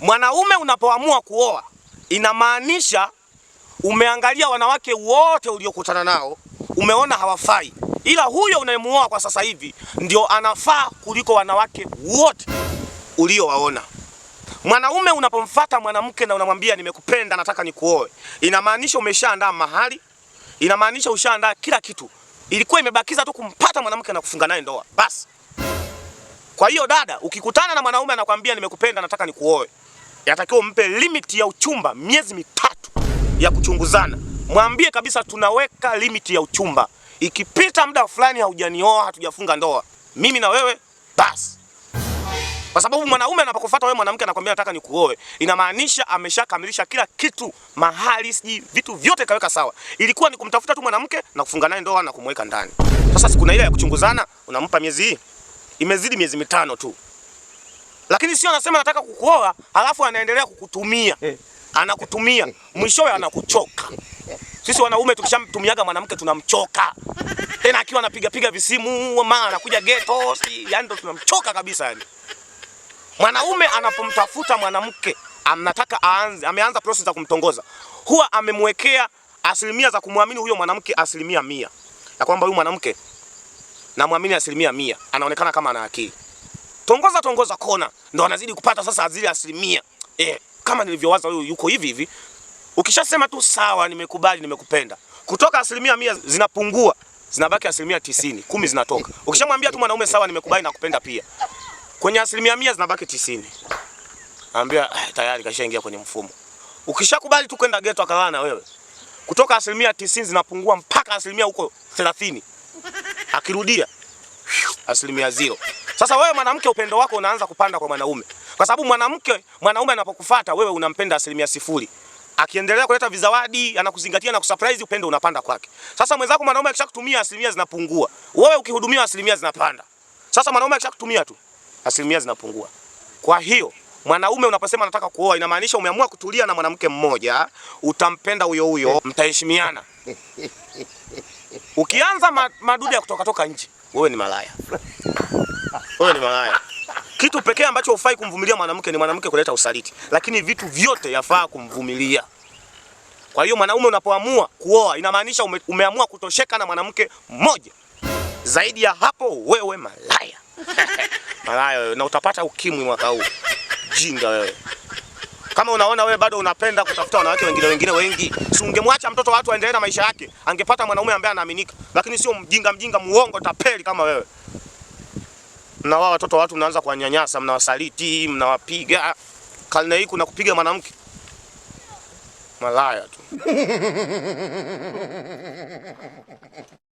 Mwanaume unapoamua kuoa inamaanisha umeangalia wanawake wote uliokutana nao, umeona hawafai, ila huyo unayemuoa kwa sasa hivi ndio anafaa kuliko wanawake wote uliowaona. Mwanaume unapomfata mwanamke na unamwambia nimekupenda, nataka nikuoe, inamaanisha umeshaandaa mahali, inamaanisha ushaandaa kila kitu, ilikuwa imebakiza tu kumpata mwanamke na kufunga naye ndoa basi. Kwa hiyo dada, ukikutana na mwanaume anakwambia nimekupenda, nataka nikuoe yatakiwa mpe limit ya uchumba miezi mitatu ya kuchunguzana. Mwambie kabisa tunaweka limit ya uchumba, ikipita muda fulani haujanioa, hatujafunga ndoa mimi na wewe, basi kwa sababu mwanaume anapokufuata wewe mwanamke, anakuambia nataka nikuoe, inamaanisha ameshakamilisha kila kitu, mahali, siji vitu vyote kaweka sawa. Ilikuwa ni kumtafuta tu mwanamke na kufunga naye ndoa na kumweka ndani. Sasa siku na ile ya kuchunguzana unampa miezi hii, imezidi miezi mitano tu. Lakini sio anasema nataka kukuoa, alafu anaendelea kukutumia, eh. anakutumia, mwishowe anakuchoka. Sisi wanaume tukishamtumiaga mwanamke tunamchoka, tena akiwa anapiga piga visimu, mama anakuja ghetto, yani ndo tunamchoka kabisa. Yani mwanaume anapomtafuta mwanamke anataka aanze, ameanza process za kumtongoza, huwa amemwekea asilimia za kumwamini huyo mwanamke asilimia mia, ya kwamba huyu mwanamke namwamini asilimia mia, anaonekana kama ana akili tongoza tongoza kona, ndo anazidi kupata sasa zile asilimia eh. Kama nilivyowaza huyu yuko hivi hivi, ukishasema tu sawa, nimekubali, nimekupenda, kutoka asilimia mia zinapungua zinabaki asilimia tisini, kumi zinatoka. Ukishamwambia tu mwanaume sawa, nimekubali na kupenda pia, kwenye asilimia mia zinabaki tisini, ambia ah, tayari kashaingia kwenye mfumo. Ukishakubali tu kwenda geto akalala na wewe, kutoka asilimia tisini zinapungua mpaka asilimia huko thelathini, akirudia asilimia zero. Sasa wewe mwanamke, upendo wako unaanza kupanda kwa mwanaume, kwa sababu mwanamke, mwanaume anapokufuata wewe unampenda asilimia sifuri akiendelea kuleta vizawadi anakuzingatia na kusurprise, upendo unapanda kwake. Sasa mwenzako mwanaume akishakutumia asilimia zinapungua, wewe ukihudumiwa asilimia zinapanda. Sasa mwanaume akishakutumia tu asilimia zinapungua. Kwa hiyo mwanaume unaposema nataka kuoa, inamaanisha umeamua kutulia na mwanamke mmoja, utampenda huyo huyo, mtaheshimiana. Ukianza madudu ya kutoka toka nje, wewe ni malaya. Wewe ni malaya. Kitu pekee ambacho hufai kumvumilia mwanamke ni mwanamke kuleta usaliti, lakini vitu vyote yafaa kumvumilia. Kwa hiyo mwanaume unapoamua kuoa inamaanisha ume, umeamua kutosheka na mwanamke mmoja. Zaidi ya hapo wewe malaya. Malaya wewe, na utapata ukimwi mwaka huu. Jinga wewe. Kama unaona wewe bado unapenda kutafuta wanawake wengine wengine wengi, si ungemwacha mtoto watu aendelee na maisha yake, angepata mwanaume ambaye anaaminika, lakini sio mjinga mjinga muongo tapeli kama wewe mnawaa watoto watu, mnaanza kuwanyanyasa, mnawasaliti, mnawapiga. Karne hii kuna kupiga mwanamke, malaya tu.